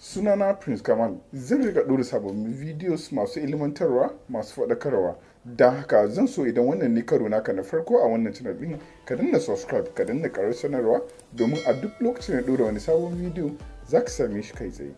sunana prince kamal zan rika ɗora sababbin videos masu ilimantarwa masu faɗakarwa don haka zan so idan wannan ne karo naka na farko a wannan channel ɗin ka danna subscribe ka danna karar sanarwa domin a duk lokacin da ɗora wani sabon bidiyo za ka same shi kai tsaye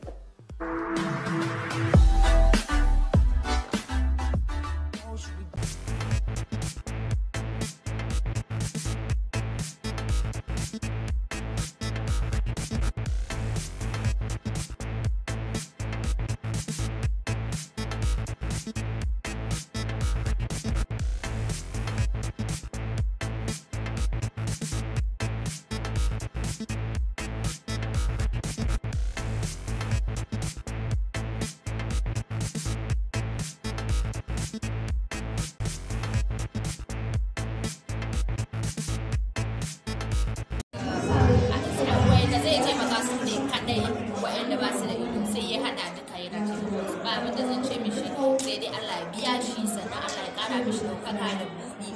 hana mishi ɗaukaka da kuɗi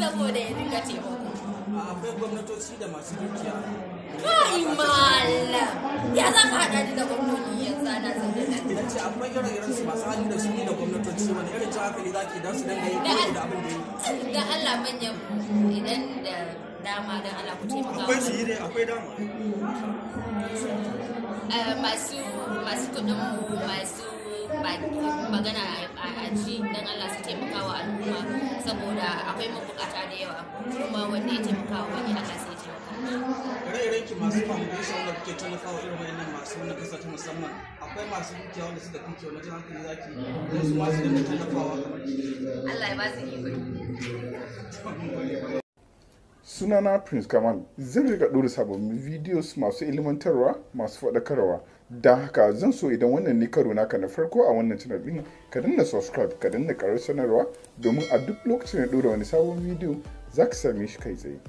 saboda ya dinga taimako. Akwai gwamnatoci da masu dukiya. Kai malam! Ya za ka haɗa da gwamnoni yanzu ana zaune da ce akwai irin irin su masu hali da su ne da gwamnatoci wani irin ci hankali za ki don su dinga yi koyo da abin da yi. Da Allah manyan idan da dama don Allah ku taimaka. Akwai su dai akwai dama. Masu kuɗin mu masu magana a aji don Allah taimakawa al'umma saboda akwai mabukata da yawa kuma wanda ya taimakawa wani Allah sai taimaka ire ki masu foundation da kuke tallafawa irin wayannan masu na kasa ta musamman akwai masu dukiya wanda suka fi kyau na jihar hankali zaki don su masu da tallafawa kamar Allah ya ba su iko sunana prince kamal zan rika ɗora sababbin videos masu ilimantarwa masu faɗakarwa da haka zan so idan wannan ne karo naka na farko a wannan channel ɗin ka danna subscribe ka danna karar sanarwa domin a duk lokacin da ɗora wani sabon bidiyo za ka same shi kai tsaye